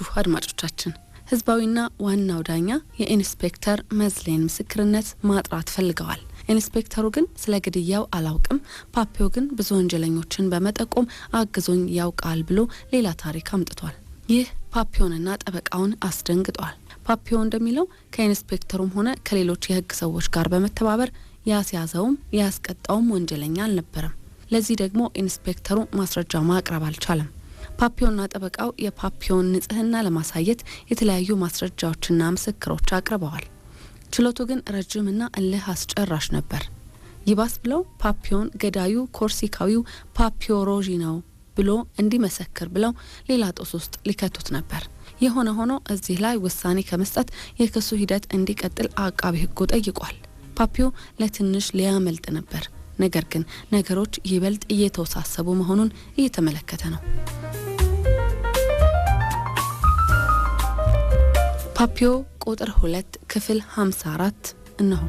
የተወደዳችሁ አድማጮቻችን ህዝባዊና ዋናው ዳኛ የኢንስፔክተር መዝሌን ምስክርነት ማጥራት ፈልገዋል። ኢንስፔክተሩ ግን ስለ ግድያው አላውቅም፣ ፓፒዮ ግን ብዙ ወንጀለኞችን በመጠቆም አግዞኝ ያውቃል ብሎ ሌላ ታሪክ አምጥቷል። ይህ ፓፒዮንና ጠበቃውን አስደንግጧል። ፓፒዮ እንደሚለው ከኢንስፔክተሩም ሆነ ከሌሎች የህግ ሰዎች ጋር በመተባበር ያስያዘውም ያስቀጣውም ወንጀለኛ አልነበረም። ለዚህ ደግሞ ኢንስፔክተሩ ማስረጃ ማቅረብ አልቻለም። ፓፒዮና ጠበቃው የፓፒዮን ንጽህና ለማሳየት የተለያዩ ማስረጃዎችና ምስክሮች አቅርበዋል። ችሎቱ ግን ረጅምና እልህ አስጨራሽ ነበር። ይባስ ብለው ፓፒዮን ገዳዩ ኮርሲካዊው ፓፒዮሮዢ ነው ብሎ እንዲመሰክር ብለው ሌላ ጦስ ውስጥ ሊከቱት ነበር። የሆነ ሆኖ እዚህ ላይ ውሳኔ ከመስጠት የክሱ ሂደት እንዲቀጥል አቃቢ ሕጉ ጠይቋል። ፓፒዮ ለትንሽ ሊያመልጥ ነበር። ነገር ግን ነገሮች ይበልጥ እየተወሳሰቡ መሆኑን እየተመለከተ ነው። ፓፒዮ ቁጥር ሁለት ክፍል 54 እነሆ።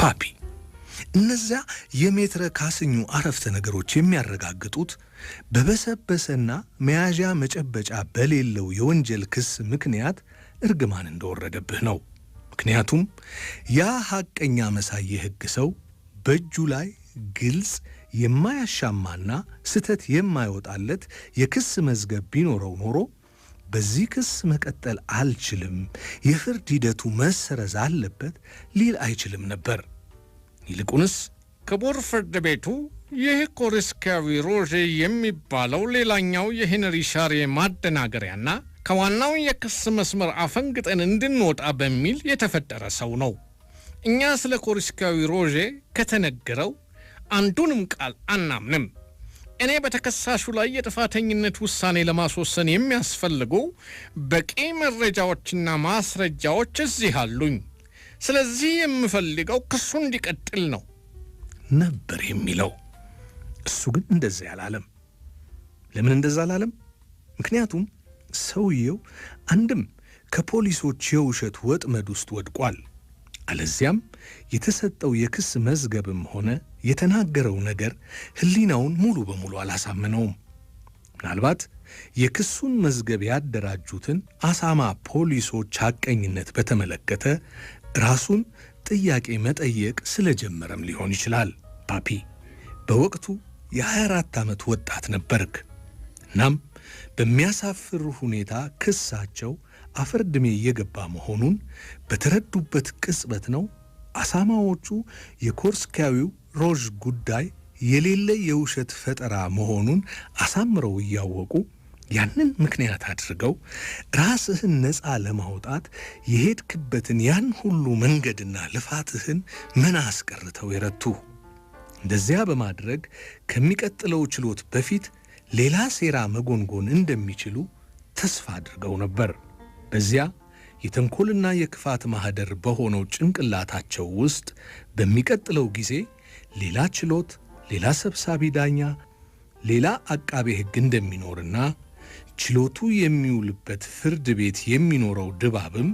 ፓፒ እነዚያ የሜትረ ካስኙ አረፍተ ነገሮች የሚያረጋግጡት በበሰበሰና መያዣ መጨበጫ በሌለው የወንጀል ክስ ምክንያት እርግማን እንደወረደብህ ነው። ምክንያቱም ያ ሐቀኛ መሳይ የሕግ ሰው በእጁ ላይ ግልጽ የማያሻማና ስህተት የማይወጣለት የክስ መዝገብ ቢኖረው ኖሮ በዚህ ክስ መቀጠል አልችልም፣ የፍርድ ሂደቱ መሰረዝ አለበት ሊል አይችልም ነበር። ይልቁንስ ክቡር ፍርድ ቤቱ ይህ ኮርስካዊ ሮዤ የሚባለው ሌላኛው የሄነሪ ሻሬ ማደናገሪያና ከዋናው የክስ መስመር አፈንግጠን እንድንወጣ በሚል የተፈጠረ ሰው ነው። እኛ ስለ ኮሪስካዊ ሮዤ ከተነገረው አንዱንም ቃል አናምንም። እኔ በተከሳሹ ላይ የጥፋተኝነት ውሳኔ ለማስወሰን የሚያስፈልጉ በቂ መረጃዎችና ማስረጃዎች እዚህ አሉኝ። ስለዚህ የምፈልገው ክሱ እንዲቀጥል ነው ነበር የሚለው። እሱ ግን እንደዚያ አላለም። ለምን እንደዛ አላለም? ምክንያቱም ሰውየው አንድም ከፖሊሶች የውሸት ወጥመድ ውስጥ ወድቋል፣ አለዚያም የተሰጠው የክስ መዝገብም ሆነ የተናገረው ነገር ሕሊናውን ሙሉ በሙሉ አላሳመነውም። ምናልባት የክሱን መዝገብ ያደራጁትን አሳማ ፖሊሶች ሐቀኝነት በተመለከተ ራሱን ጥያቄ መጠየቅ ስለጀመረም ሊሆን ይችላል። ፓፒ በወቅቱ የ24 ዓመት ወጣት ነበርክ። እናም በሚያሳፍር ሁኔታ ክሳቸው አፈር ድሜ እየገባ መሆኑን በተረዱበት ቅጽበት ነው አሳማዎቹ የኮርስካዊው ሮዥ ጉዳይ የሌለ የውሸት ፈጠራ መሆኑን አሳምረው እያወቁ ያንን ምክንያት አድርገው ራስህን ነፃ ለማውጣት የሄድክበትን ያን ሁሉ መንገድና ልፋትህን ምን አስቀርተው የረቱ። እንደዚያ በማድረግ ከሚቀጥለው ችሎት በፊት ሌላ ሴራ መጎንጎን እንደሚችሉ ተስፋ አድርገው ነበር። በዚያ የተንኮልና የክፋት ማኅደር በሆነው ጭንቅላታቸው ውስጥ በሚቀጥለው ጊዜ ሌላ ችሎት፣ ሌላ ሰብሳቢ ዳኛ፣ ሌላ አቃቤ ሕግ እንደሚኖርና ችሎቱ የሚውልበት ፍርድ ቤት የሚኖረው ድባብም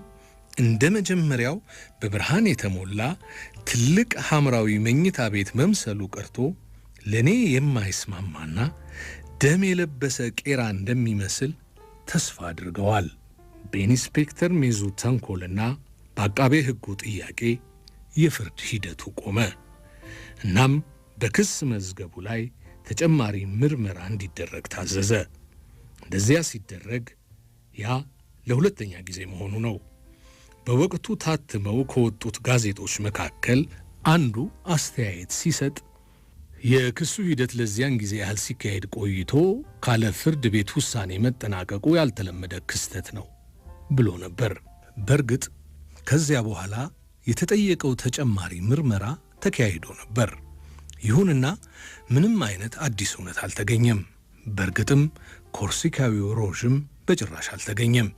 እንደ መጀመሪያው በብርሃን የተሞላ ትልቅ ሐምራዊ መኝታ ቤት መምሰሉ ቀርቶ ለእኔ የማይስማማና ደም የለበሰ ቄራ እንደሚመስል ተስፋ አድርገዋል። በኢንስፔክተር ሜዙ ተንኮልና በአቃቤ ሕጉ ጥያቄ የፍርድ ሂደቱ ቆመ። እናም በክስ መዝገቡ ላይ ተጨማሪ ምርመራ እንዲደረግ ታዘዘ። እንደዚያ ሲደረግ ያ ለሁለተኛ ጊዜ መሆኑ ነው። በወቅቱ ታትመው ከወጡት ጋዜጦች መካከል አንዱ አስተያየት ሲሰጥ የክሱ ሂደት ለዚያን ጊዜ ያህል ሲካሄድ ቆይቶ ካለ ፍርድ ቤት ውሳኔ መጠናቀቁ ያልተለመደ ክስተት ነው ብሎ ነበር። በእርግጥ ከዚያ በኋላ የተጠየቀው ተጨማሪ ምርመራ ተካሂዶ ነበር። ይሁንና ምንም አይነት አዲስ እውነት አልተገኘም። በእርግጥም ኮርሲካዊው ሮዥም በጭራሽ አልተገኘም።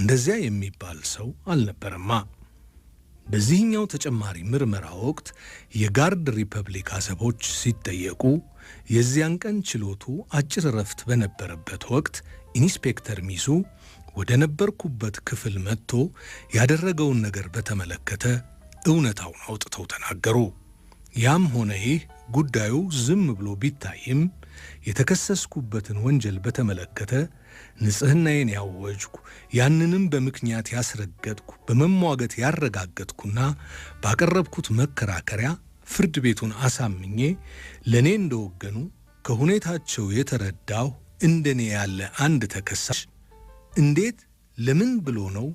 እንደዚያ የሚባል ሰው አልነበረማ። በዚህኛው ተጨማሪ ምርመራ ወቅት የጋርድ ሪፐብሊክ አሰቦች ሲጠየቁ የዚያን ቀን ችሎቱ አጭር እረፍት በነበረበት ወቅት ኢንስፔክተር ሚሱ ወደ ነበርኩበት ክፍል መጥቶ ያደረገውን ነገር በተመለከተ እውነታውን አውጥተው ተናገሩ። ያም ሆነ ይህ ጉዳዩ ዝም ብሎ ቢታይም የተከሰስኩበትን ወንጀል በተመለከተ ንጽሕናዬን ያወጅኩ ያንንም በምክንያት ያስረገጥኩ በመሟገት ያረጋገጥኩና ባቀረብኩት መከራከሪያ ፍርድ ቤቱን አሳምኜ ለእኔ እንደወገኑ ከሁኔታቸው የተረዳሁ እንደኔ ያለ አንድ ተከሳሽ እንዴት ለምን ብሎ ነው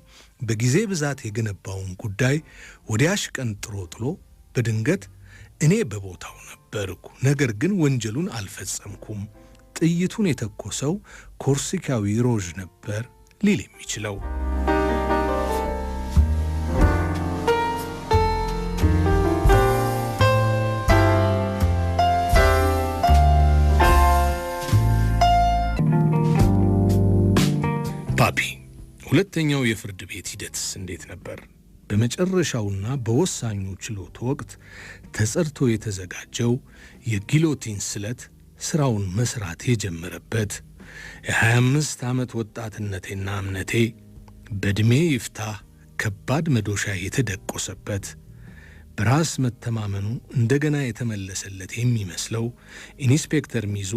በጊዜ ብዛት የገነባውን ጉዳይ ወዲያሽ ጥሮ ጥሎ በድንገት እኔ በቦታው ነበርኩ፣ ነገር ግን ወንጀሉን አልፈጸምኩም ጥይቱን የተኮሰው ኮርሲካዊ ሮዥ ነበር ሊል የሚችለው። ፓፒ ሁለተኛው የፍርድ ቤት ሂደትስ እንዴት ነበር? በመጨረሻውና በወሳኙ ችሎት ወቅት ተጸድቶ የተዘጋጀው የጊሎቲን ስለት ሥራውን መሥራት የጀመረበት የ25 ዓመት ወጣትነቴና እምነቴ በዕድሜ ይፍታ ከባድ መዶሻ የተደቆሰበት በራስ መተማመኑ እንደገና የተመለሰለት የሚመስለው ኢንስፔክተር ሚዙ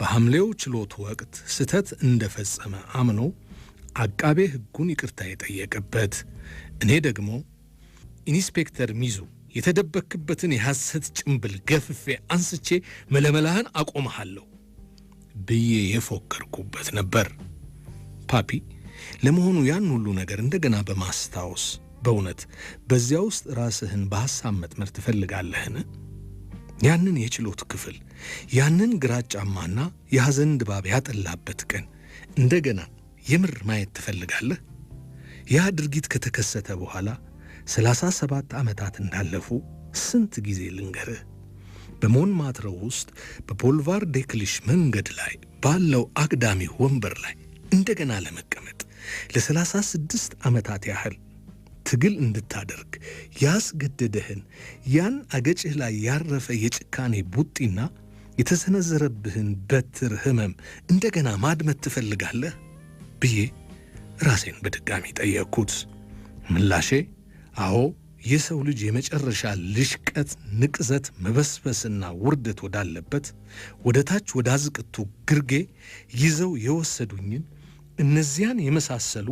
በሐምሌው ችሎት ወቅት ስህተት እንደፈጸመ አምኖ አቃቤ ሕጉን ይቅርታ የጠየቀበት እኔ ደግሞ ኢንስፔክተር ሚዙ የተደበክበትን የሐሰት ጭንብል ገፍፌ አንስቼ መለመላህን አቆመሃለሁ ብዬ የፎከርኩበት ነበር። ፓፒ ለመሆኑ ያን ሁሉ ነገር እንደገና በማስታወስ በእውነት በዚያ ውስጥ ራስህን በሐሳብ መጥመር ትፈልጋለህን? ያንን የችሎት ክፍል ያንን ግራጫማና የሐዘን ድባብ ያጠላበት ቀን እንደገና የምር ማየት ትፈልጋለህ? ያ ድርጊት ከተከሰተ በኋላ ሰላሳ ሰባት ዓመታት እንዳለፉ ስንት ጊዜ ልንገርህ? በሞን ማትረው ውስጥ በቦልቫር ዴክሊሽ መንገድ ላይ ባለው አግዳሚ ወንበር ላይ እንደገና ለመቀመጥ ለሰላሳ ስድስት ዓመታት ያህል ትግል እንድታደርግ ያስገደደህን ያን አገጭህ ላይ ያረፈ የጭካኔ ቡጢና የተሰነዘረብህን በትር ህመም እንደገና ማድመት ትፈልጋለህ ብዬ ራሴን በድጋሚ ጠየቅኩት። ምላሼ አዎ የሰው ልጅ የመጨረሻ ልሽቀት፣ ንቅዘት፣ መበስበስና ውርደት ወዳለበት ወደ ታች ወደ አዝቅቱ ግርጌ ይዘው የወሰዱኝን እነዚያን የመሳሰሉ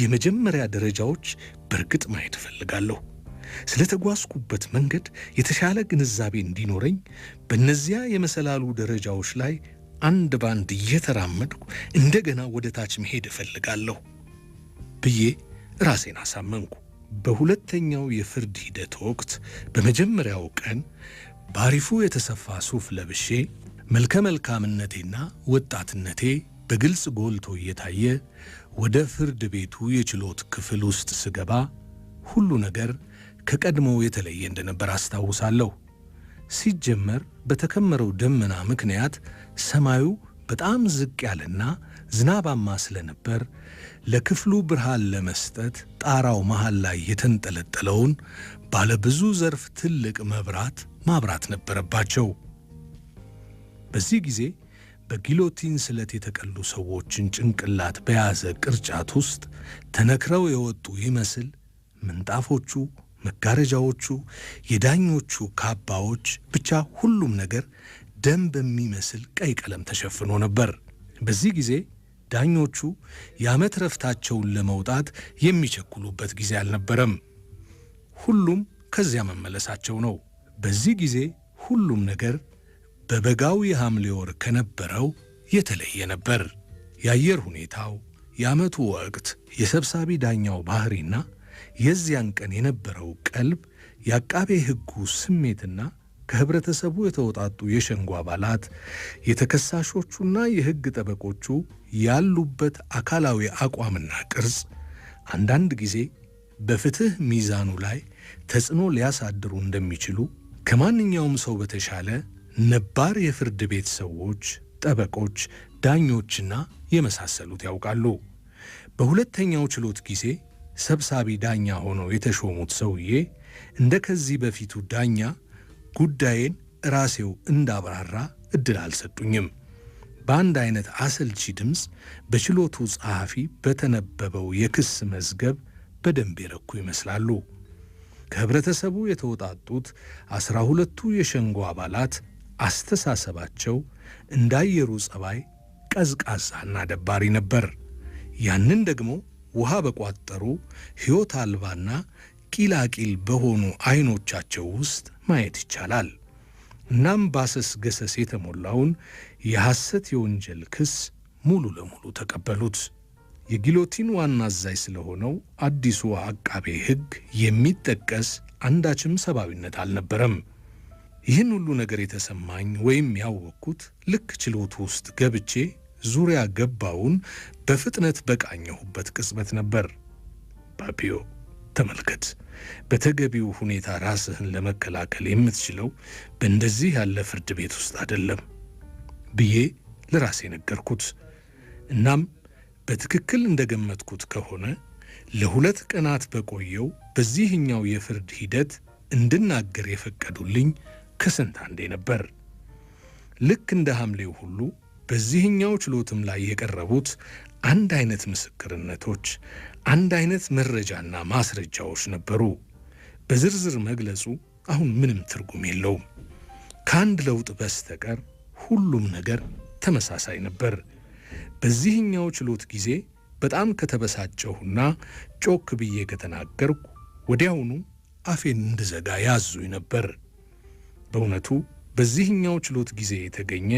የመጀመሪያ ደረጃዎች በእርግጥ ማየት እፈልጋለሁ። ስለተጓዝኩበት መንገድ የተሻለ ግንዛቤ እንዲኖረኝ በእነዚያ የመሰላሉ ደረጃዎች ላይ አንድ ባንድ እየተራመድኩ እንደገና ወደ ታች መሄድ እፈልጋለሁ ብዬ ራሴን አሳመንኩ። በሁለተኛው የፍርድ ሂደት ወቅት በመጀመሪያው ቀን ባሪፉ የተሰፋ ሱፍ ለብሼ መልከ መልካምነቴና ወጣትነቴ በግልጽ ጎልቶ እየታየ ወደ ፍርድ ቤቱ የችሎት ክፍል ውስጥ ስገባ ሁሉ ነገር ከቀድሞው የተለየ እንደነበር አስታውሳለሁ። ሲጀመር በተከመረው ደመና ምክንያት ሰማዩ በጣም ዝቅ ያለና ዝናባማ ስለነበር ለክፍሉ ብርሃን ለመስጠት ጣራው መሃል ላይ የተንጠለጠለውን ባለብዙ ዘርፍ ትልቅ መብራት ማብራት ነበረባቸው። በዚህ ጊዜ በጊሎቲን ስለት የተቀሉ ሰዎችን ጭንቅላት በያዘ ቅርጫት ውስጥ ተነክረው የወጡ ይመስል ምንጣፎቹ፣ መጋረጃዎቹ፣ የዳኞቹ ካባዎች፣ ብቻ ሁሉም ነገር ደም በሚመስል ቀይ ቀለም ተሸፍኖ ነበር። በዚህ ጊዜ ዳኞቹ የዓመት ረፍታቸውን ለመውጣት የሚቸኩሉበት ጊዜ አልነበረም። ሁሉም ከዚያ መመለሳቸው ነው። በዚህ ጊዜ ሁሉም ነገር በበጋው የሐምሌ ወር ከነበረው የተለየ ነበር። የአየር ሁኔታው፣ የዓመቱ ወቅት፣ የሰብሳቢ ዳኛው ባህሪና የዚያን ቀን የነበረው ቀልብ የአቃቤ ሕጉ ስሜትና ከህብረተሰቡ የተውጣጡ የሸንጎ አባላት የተከሳሾቹና የህግ ጠበቆቹ ያሉበት አካላዊ አቋምና ቅርጽ አንዳንድ ጊዜ በፍትህ ሚዛኑ ላይ ተጽዕኖ ሊያሳድሩ እንደሚችሉ ከማንኛውም ሰው በተሻለ ነባር የፍርድ ቤት ሰዎች፣ ጠበቆች፣ ዳኞችና የመሳሰሉት ያውቃሉ። በሁለተኛው ችሎት ጊዜ ሰብሳቢ ዳኛ ሆነው የተሾሙት ሰውዬ እንደ ከዚህ በፊቱ ዳኛ ጉዳዬን ራሴው እንዳብራራ እድል አልሰጡኝም። በአንድ አይነት አሰልቺ ድምፅ በችሎቱ ጸሐፊ በተነበበው የክስ መዝገብ በደንብ የረኩ ይመስላሉ። ከህብረተሰቡ የተውጣጡት ዐሥራ ሁለቱ የሸንጎ አባላት አስተሳሰባቸው እንዳየሩ ጸባይ ቀዝቃዛና ደባሪ ነበር። ያንን ደግሞ ውሃ በቋጠሩ ሕይወት አልባና ቂላቂል በሆኑ አይኖቻቸው ውስጥ ማየት ይቻላል። እናም ባሰስ ገሰስ የተሞላውን የሐሰት የወንጀል ክስ ሙሉ ለሙሉ ተቀበሉት። የጊሎቲን ዋና አዛዥ ስለሆነው አዲሱ አቃቤ ሕግ የሚጠቀስ አንዳችም ሰብአዊነት አልነበረም። ይህን ሁሉ ነገር የተሰማኝ ወይም ያወቅኩት ልክ ችሎቱ ውስጥ ገብቼ ዙሪያ ገባውን በፍጥነት በቃኘሁበት ቅጽበት ነበር። ፓፒዮ ተመልከት። በተገቢው ሁኔታ ራስህን ለመከላከል የምትችለው በእንደዚህ ያለ ፍርድ ቤት ውስጥ አይደለም ብዬ ለራሴ ነገርኩት። እናም በትክክል እንደገመትኩት ከሆነ ለሁለት ቀናት በቆየው በዚህኛው የፍርድ ሂደት እንድናገር የፈቀዱልኝ ከስንት አንዴ ነበር። ልክ እንደ ሐምሌው ሁሉ በዚህኛው ችሎትም ላይ የቀረቡት አንድ አይነት ምስክርነቶች፣ አንድ አይነት መረጃና ማስረጃዎች ነበሩ። በዝርዝር መግለጹ አሁን ምንም ትርጉም የለውም። ከአንድ ለውጥ በስተቀር ሁሉም ነገር ተመሳሳይ ነበር። በዚህኛው ችሎት ጊዜ በጣም ከተበሳጨሁና ጮክ ብዬ ከተናገርኩ ወዲያውኑ አፌን እንድዘጋ ያዙኝ ነበር። በእውነቱ በዚህኛው ችሎት ጊዜ የተገኘ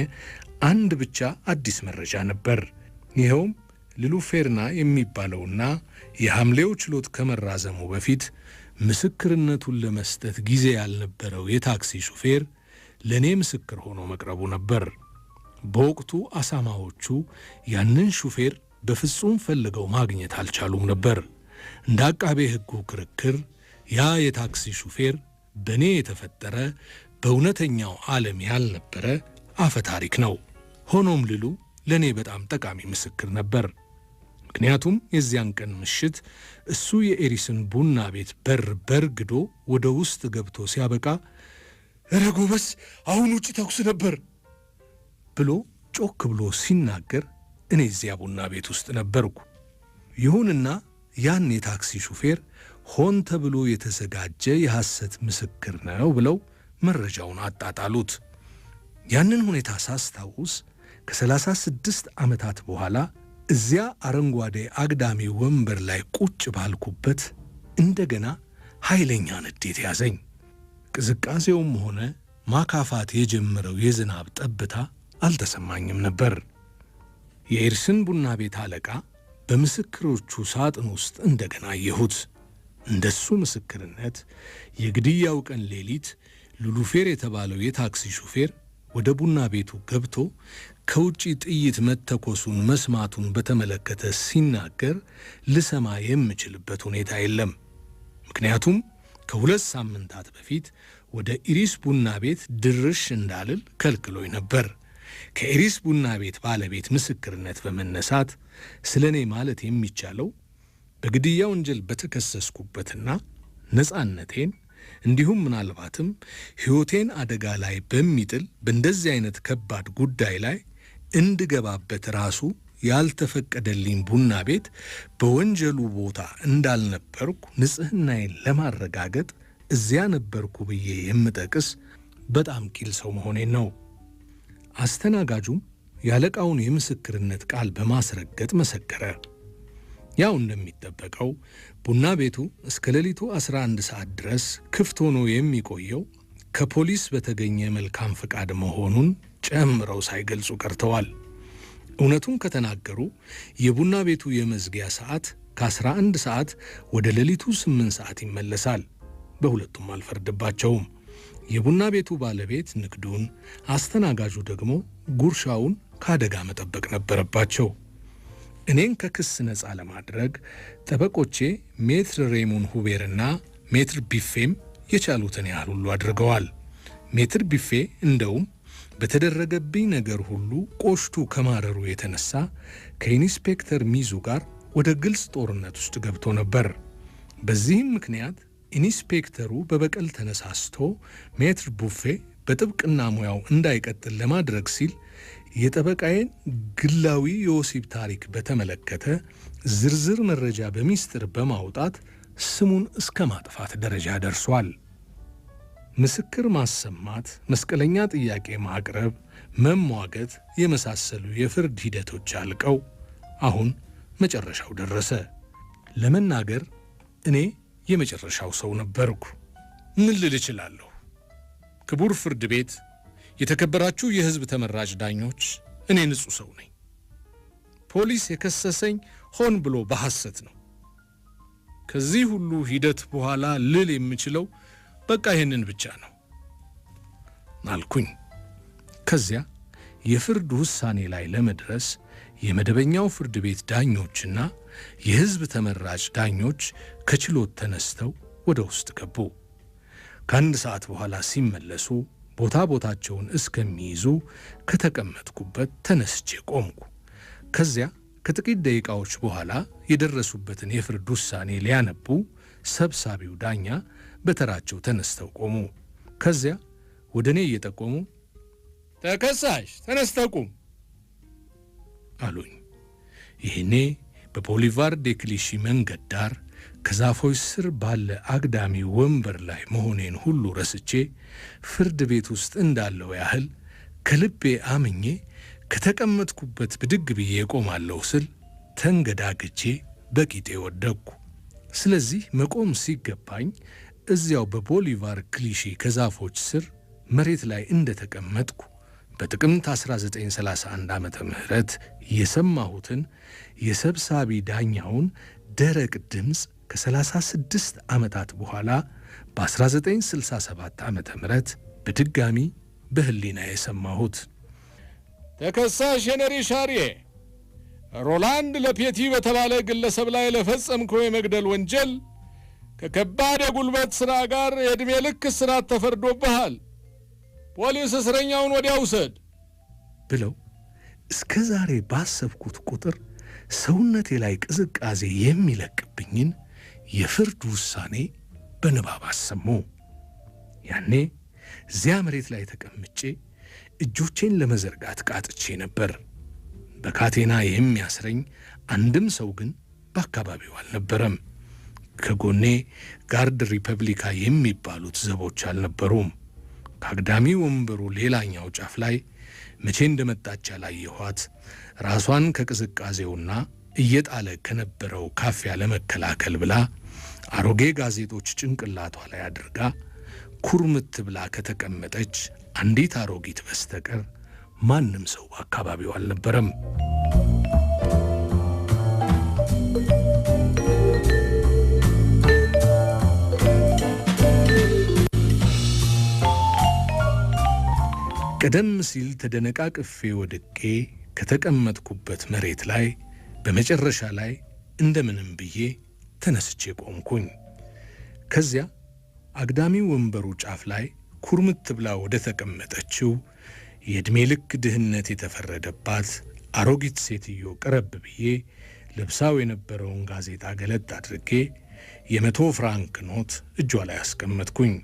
አንድ ብቻ አዲስ መረጃ ነበር። ይኸውም ልሉፌርና የሚባለውና የሐምሌው ችሎት ከመራዘሙ በፊት ምስክርነቱን ለመስጠት ጊዜ ያልነበረው የታክሲ ሹፌር ለእኔ ምስክር ሆኖ መቅረቡ ነበር። በወቅቱ አሳማዎቹ ያንን ሹፌር በፍጹም ፈልገው ማግኘት አልቻሉም ነበር። እንደ አቃቤ ሕጉ ክርክር ያ የታክሲ ሹፌር በእኔ የተፈጠረ በእውነተኛው ዓለም ያልነበረ አፈ ታሪክ ነው። ሆኖም ልሉ ለእኔ በጣም ጠቃሚ ምስክር ነበር። ምክንያቱም የዚያን ቀን ምሽት እሱ የኤሪስን ቡና ቤት በር በርግዶ ወደ ውስጥ ገብቶ ሲያበቃ እረ ጎበስ፣ አሁን ውጭ ተኩስ ነበር ብሎ ጮክ ብሎ ሲናገር እኔ እዚያ ቡና ቤት ውስጥ ነበርኩ። ይሁንና ያን የታክሲ ሹፌር ሆን ተብሎ የተዘጋጀ የሐሰት ምስክር ነው ብለው መረጃውን አጣጣሉት። ያንን ሁኔታ ሳስታውስ ከ36 ዓመታት በኋላ እዚያ አረንጓዴ አግዳሚ ወንበር ላይ ቁጭ ባልኩበት እንደገና ኃይለኛ ንዴት ያዘኝ። ቅዝቃዜውም ሆነ ማካፋት የጀመረው የዝናብ ጠብታ አልተሰማኝም ነበር። የኤርስን ቡና ቤት አለቃ በምስክሮቹ ሳጥን ውስጥ እንደገና አየሁት። እንደሱ ምስክርነት የግድያው ቀን ሌሊት ሉሉፌር የተባለው የታክሲ ሹፌር ወደ ቡና ቤቱ ገብቶ ከውጭ ጥይት መተኮሱን መስማቱን በተመለከተ ሲናገር ልሰማ የምችልበት ሁኔታ የለም። ምክንያቱም ከሁለት ሳምንታት በፊት ወደ ኢሪስ ቡና ቤት ድርሽ እንዳልል ከልክሎኝ ነበር። ከኢሪስ ቡና ቤት ባለቤት ምስክርነት በመነሳት ስለ እኔ ማለት የሚቻለው በግድያ ወንጀል በተከሰስኩበትና ነፃነቴን እንዲሁም ምናልባትም ሕይወቴን አደጋ ላይ በሚጥል በእንደዚህ አይነት ከባድ ጉዳይ ላይ እንድገባበት ራሱ ያልተፈቀደልኝ ቡና ቤት በወንጀሉ ቦታ እንዳልነበርኩ ንጽህናዬን ለማረጋገጥ እዚያ ነበርኩ ብዬ የምጠቅስ በጣም ቂል ሰው መሆኔን ነው። አስተናጋጁም ያለቃውን የምስክርነት ቃል በማስረገጥ መሰከረ። ያው እንደሚጠበቀው ቡና ቤቱ እስከ ሌሊቱ 11 ሰዓት ድረስ ክፍት ሆኖ የሚቆየው ከፖሊስ በተገኘ መልካም ፈቃድ መሆኑን ጨምረው ሳይገልጹ ቀርተዋል። እውነቱን ከተናገሩ የቡና ቤቱ የመዝጊያ ሰዓት ከ11 ሰዓት ወደ ሌሊቱ 8 ሰዓት ይመለሳል። በሁለቱም አልፈርድባቸውም። የቡና ቤቱ ባለቤት ንግዱን፣ አስተናጋጁ ደግሞ ጉርሻውን ከአደጋ መጠበቅ ነበረባቸው። እኔን ከክስ ነፃ ለማድረግ ጠበቆቼ ሜትር ሬሙን ሁቤርና ሜትር ቢፌም የቻሉትን ያህል ሁሉ አድርገዋል። ሜትር ቢፌ እንደውም በተደረገብኝ ነገር ሁሉ ቆሽቱ ከማረሩ የተነሳ ከኢንስፔክተር ሚዙ ጋር ወደ ግልጽ ጦርነት ውስጥ ገብቶ ነበር። በዚህም ምክንያት ኢንስፔክተሩ በበቀል ተነሳስቶ ሜትር ቡፌ በጥብቅና ሙያው እንዳይቀጥል ለማድረግ ሲል የጠበቃዬን ግላዊ የወሲብ ታሪክ በተመለከተ ዝርዝር መረጃ በሚስጥር በማውጣት ስሙን እስከ ማጥፋት ደረጃ ደርሷል። ምስክር ማሰማት፣ መስቀለኛ ጥያቄ ማቅረብ፣ መሟገት የመሳሰሉ የፍርድ ሂደቶች አልቀው አሁን መጨረሻው ደረሰ። ለመናገር እኔ የመጨረሻው ሰው ነበርኩ። ምን ልል እችላለሁ? ክቡር ፍርድ ቤት፣ የተከበራችሁ የሕዝብ ተመራጭ ዳኞች፣ እኔ ንጹሕ ሰው ነኝ። ፖሊስ የከሰሰኝ ሆን ብሎ በሐሰት ነው። ከዚህ ሁሉ ሂደት በኋላ ልል የምችለው በቃ ይህንን ብቻ ነው አልኩኝ። ከዚያ የፍርድ ውሳኔ ላይ ለመድረስ የመደበኛው ፍርድ ቤት ዳኞችና የሕዝብ ተመራጭ ዳኞች ከችሎት ተነስተው ወደ ውስጥ ገቡ። ከአንድ ሰዓት በኋላ ሲመለሱ ቦታ ቦታቸውን እስከሚይዙ ከተቀመጥኩበት ተነስቼ ቆምኩ። ከዚያ ከጥቂት ደቂቃዎች በኋላ የደረሱበትን የፍርድ ውሳኔ ሊያነቡ ሰብሳቢው ዳኛ በተራቸው ተነስተው ቆሙ። ከዚያ ወደ እኔ እየጠቆሙ ተከሳሽ ተነስተው ቁም አሉኝ። ይህኔ በቦሊቫር ዴክሊሺ መንገድ ዳር ከዛፎች ስር ባለ አግዳሚ ወንበር ላይ መሆኔን ሁሉ ረስቼ ፍርድ ቤት ውስጥ እንዳለው ያህል ከልቤ አምኜ ከተቀመጥኩበት ብድግ ብዬ ቆማለሁ ስል ተንገዳግቼ በቂጤ ወደቅኩ። ስለዚህ መቆም ሲገባኝ እዚያው በቦሊቫር ክሊሼ ከዛፎች ስር መሬት ላይ እንደተቀመጥኩ በጥቅምት 1931 ዓ ም የሰማሁትን የሰብሳቢ ዳኛውን ደረቅ ድምፅ ከ36 ዓመታት በኋላ በ1967 ዓ ም በድጋሚ በህሊና የሰማሁት ተከሳሽ ሄነሪ ሻርዬ ሮላንድ ለፔቲ በተባለ ግለሰብ ላይ ለፈጸምከው የመግደል ወንጀል ከከባድ የጉልበት ሥራ ጋር የዕድሜ ልክ እስራት ተፈርዶብሃል። ፖሊስ እስረኛውን ወዲያ ውሰድ ብለው እስከ ዛሬ ባሰብኩት ቁጥር ሰውነቴ ላይ ቅዝቃዜ የሚለቅብኝን የፍርድ ውሳኔ በንባብ አሰሙ። ያኔ እዚያ መሬት ላይ ተቀምጬ እጆቼን ለመዘርጋት ቃጥቼ ነበር። በካቴና የሚያስረኝ አንድም ሰው ግን በአካባቢው አልነበረም። ከጎኔ ጋርድ ሪፐብሊካ የሚባሉት ዘቦች አልነበሩም። ከአግዳሚ ወንበሩ ሌላኛው ጫፍ ላይ መቼ እንደመጣች ያላየኋት ራሷን ከቅዝቃዜውና እየጣለ ከነበረው ካፊያ ለመከላከል ብላ አሮጌ ጋዜጦች ጭንቅላቷ ላይ አድርጋ ኩርምት ብላ ከተቀመጠች አንዲት አሮጊት በስተቀር ማንም ሰው በአካባቢው አልነበረም። ቀደም ሲል ተደነቃቅፌ ወድቄ ከተቀመጥኩበት መሬት ላይ በመጨረሻ ላይ እንደምንም ብዬ ተነስቼ ቆምኩኝ። ከዚያ አግዳሚ ወንበሩ ጫፍ ላይ ኩርምት ብላ ወደ ተቀመጠችው የዕድሜ ልክ ድህነት የተፈረደባት አሮጊት ሴትዮ ቀረብ ብዬ ልብሳው የነበረውን ጋዜጣ ገለጥ አድርጌ የመቶ ፍራንክ ኖት እጇ ላይ አስቀመጥኩኝ።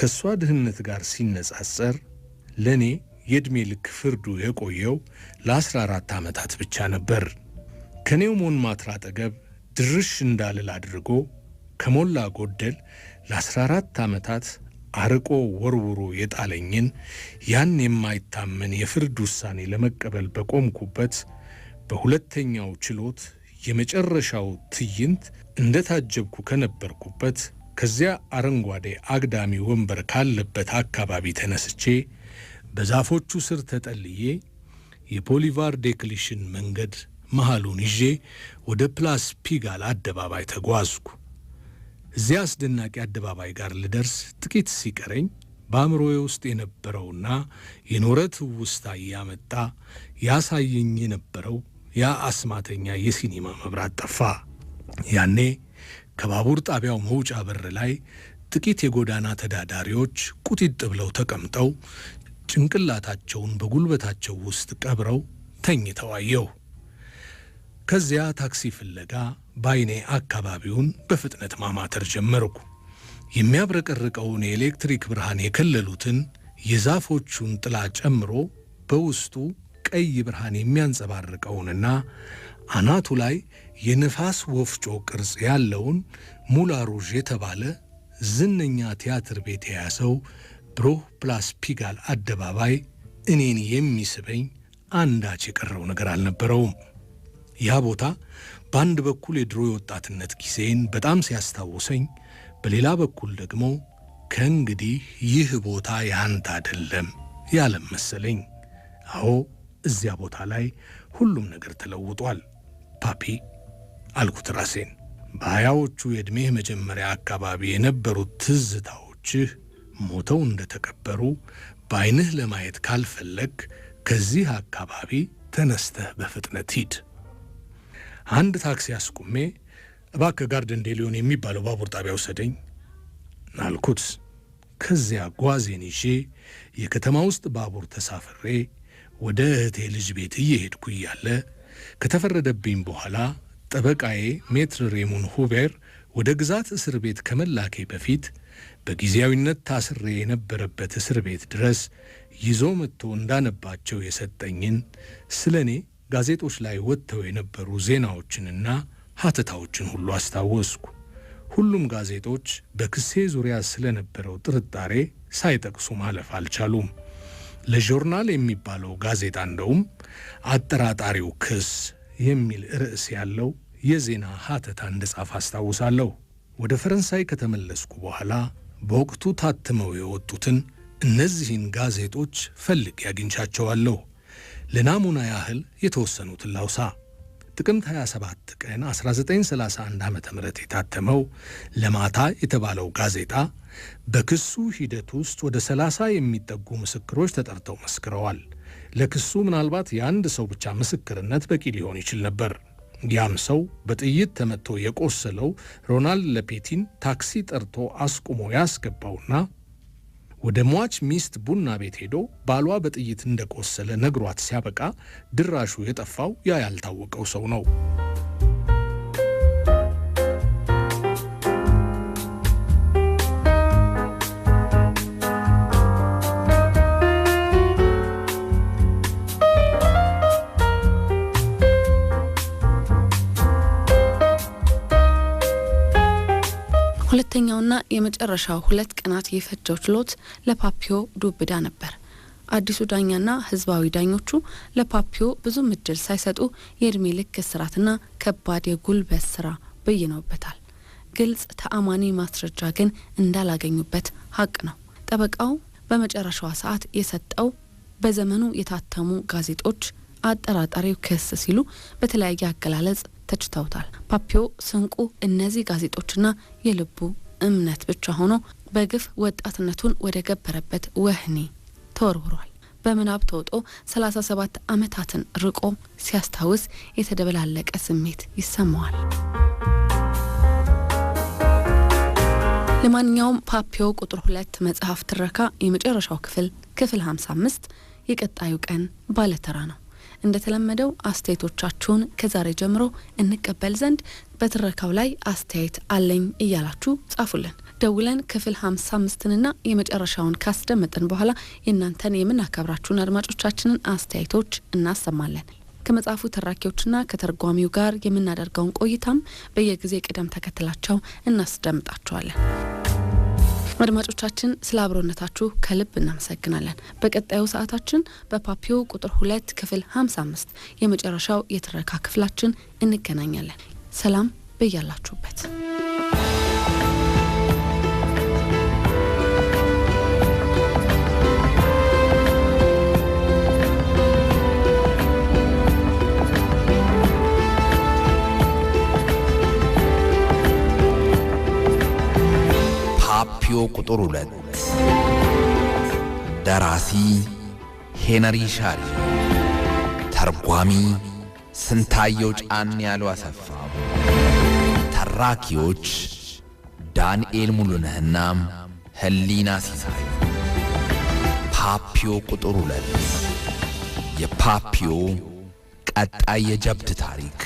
ከእሷ ድህነት ጋር ሲነጻጸር ለእኔ የዕድሜ ልክ ፍርዱ የቆየው ለ14 ዓመታት ብቻ ነበር። ከኔው ሞን ማትራ አጠገብ ድርሽ እንዳልል አድርጎ ከሞላ ጎደል ለ14 ዓመታት አርቆ ወርውሮ የጣለኝን ያን የማይታመን የፍርድ ውሳኔ ለመቀበል በቆምኩበት በሁለተኛው ችሎት የመጨረሻው ትዕይንት እንደታጀብኩ ከነበርኩበት ከዚያ አረንጓዴ አግዳሚ ወንበር ካለበት አካባቢ ተነስቼ በዛፎቹ ስር ተጠልዬ የፖሊቫር ዴክሊሽን መንገድ መሃሉን ይዤ ወደ ፕላስ ፒጋል አደባባይ ተጓዝኩ። እዚያ አስደናቂ አደባባይ ጋር ልደርስ ጥቂት ሲቀረኝ በአእምሮዬ ውስጥ የነበረውና የኖረ ትውስታ እያመጣ ያሳየኝ የነበረው ያ አስማተኛ የሲኒማ መብራት ጠፋ። ያኔ ከባቡር ጣቢያው መውጫ በር ላይ ጥቂት የጎዳና ተዳዳሪዎች ቁጢጥ ብለው ተቀምጠው ጭንቅላታቸውን በጉልበታቸው ውስጥ ቀብረው ተኝተው አየሁ። ከዚያ ታክሲ ፍለጋ ባይኔ አካባቢውን በፍጥነት ማማተር ጀመርኩ። የሚያብረቀርቀውን የኤሌክትሪክ ብርሃን የከለሉትን የዛፎቹን ጥላ ጨምሮ በውስጡ ቀይ ብርሃን የሚያንጸባርቀውንና አናቱ ላይ የንፋስ ወፍጮ ቅርጽ ያለውን ሙላሩዥ የተባለ ዝነኛ ቲያትር ቤት የያዘው ብሩህ ፕላስ ፒጋል አደባባይ እኔን የሚስበኝ አንዳች የቀረው ነገር አልነበረውም። ያ ቦታ በአንድ በኩል የድሮ የወጣትነት ጊዜን በጣም ሲያስታውሰኝ፣ በሌላ በኩል ደግሞ ከእንግዲህ ይህ ቦታ ያንተ አይደለም ያለም መሰለኝ። አዎ እዚያ ቦታ ላይ ሁሉም ነገር ተለውጧል ፓፒ አልኩት ራሴን። በሀያዎቹ የዕድሜህ መጀመሪያ አካባቢ የነበሩት ትዝታዎችህ ሞተው እንደተቀበሩ በዓይንህ ለማየት ካልፈለግ ከዚህ አካባቢ ተነስተህ በፍጥነት ሂድ። አንድ ታክሲ አስቁሜ እባክህ ጋርደን ዴ የሚባለው ባቡር ጣቢያ ውሰደኝ አልኩት። ከዚያ ጓዜን ይዤ የከተማ ውስጥ ባቡር ተሳፍሬ ወደ እህቴ ልጅ ቤት እየሄድኩ እያለ ከተፈረደብኝ በኋላ ጠበቃዬ ሜትር ሬሙን ሁቤር ወደ ግዛት እስር ቤት ከመላኬ በፊት በጊዜያዊነት ታስሬ የነበረበት እስር ቤት ድረስ ይዞ መጥቶ እንዳነባቸው የሰጠኝን ስለ እኔ ጋዜጦች ላይ ወጥተው የነበሩ ዜናዎችንና ሀተታዎችን ሁሉ አስታወስኩ። ሁሉም ጋዜጦች በክሴ ዙሪያ ስለነበረው ጥርጣሬ ሳይጠቅሱ ማለፍ አልቻሉም። ለጆርናል የሚባለው ጋዜጣ እንደውም አጠራጣሪው ክስ የሚል ርዕስ ያለው የዜና ሀተታ እንደጻፍ አስታውሳለሁ። ወደ ፈረንሳይ ከተመለስኩ በኋላ በወቅቱ ታትመው የወጡትን እነዚህን ጋዜጦች ፈልጌ አግኝቻቸዋለሁ። ለናሙና ያህል የተወሰኑትን ላውሳ። ጥቅምት 27 ቀን 1931 ዓ ም የታተመው ለማታ የተባለው ጋዜጣ በክሱ ሂደት ውስጥ ወደ 30 የሚጠጉ ምስክሮች ተጠርተው መስክረዋል። ለክሱ ምናልባት የአንድ ሰው ብቻ ምስክርነት በቂ ሊሆን ይችል ነበር። ያም ሰው በጥይት ተመትቶ የቆሰለው ሮናልድ ለፔቲን ታክሲ ጠርቶ አስቁሞ ያስገባውና ወደ ሟች ሚስት ቡና ቤት ሄዶ ባሏ በጥይት እንደቆሰለ ነግሯት ሲያበቃ ድራሹ የጠፋው ያ ያልታወቀው ሰው ነው። ሁለተኛውና የመጨረሻው ሁለት ቀናት የፈጀው ችሎት ለፓፒዮ ዱብዳ ነበር። አዲሱ ዳኛና ህዝባዊ ዳኞቹ ለፓፒዮ ብዙም እድል ሳይሰጡ የእድሜ ልክ እስራትና ከባድ የጉልበት ስራ በይነውበታል። ግልጽ ተአማኒ ማስረጃ ግን እንዳላገኙበት ሀቅ ነው። ጠበቃው በመጨረሻዋ ሰዓት የሰጠው በዘመኑ የታተሙ ጋዜጦች አጠራጣሪው ክስ ሲሉ በተለያየ አገላለጽ ተችተውታል። ፓፒዮ ስንቁ እነዚህ ጋዜጦችና የልቡ እምነት ብቻ ሆኖ በግፍ ወጣትነቱን ወደ ገበረበት ወህኒ ተወርውሯል። በምናብ ተውጦ 37 ዓመታትን ርቆ ሲያስታውስ የተደበላለቀ ስሜት ይሰማዋል። ለማንኛውም ፓፒዮ ቁጥር ሁለት መጽሐፍ ትረካ የመጨረሻው ክፍል ክፍል 55 የቀጣዩ ቀን ባለተራ ነው። እንደተለመደው አስተያየቶቻችሁን ከዛሬ ጀምሮ እንቀበል ዘንድ በትረካው ላይ አስተያየት አለኝ እያላችሁ ጻፉልን። ደውለን ክፍል ሀምሳ አምስትንና የመጨረሻውን ካስደመጥን በኋላ የእናንተን የምናከብራችሁን አድማጮቻችንን አስተያየቶች እናሰማለን። ከመጽሐፉ ተራኪዎችና ከተርጓሚው ጋር የምናደርገውን ቆይታም በየጊዜ ቅደም ተከትላቸው እናስደምጣቸዋለን። አድማጮቻችን ስለ አብሮነታችሁ ከልብ እናመሰግናለን። በቀጣዩ ሰዓታችን በፓፒዮ ቁጥር ሁለት ክፍል 55 የመጨረሻው የትረካ ክፍላችን እንገናኛለን። ሰላም በያላችሁበት። ቁጥር 2 ደራሲ ሄነሪ ሻሪ፣ ተርጓሚ ስንታየው ጫን ያለው አሰፋ፣ ተራኪዎች ዳንኤል ሙሉነህና ህሊና ሲሳይ። ፓፒዮ ቁጥር 2 የፓፒዮ ቀጣይ የጀብድ ታሪክ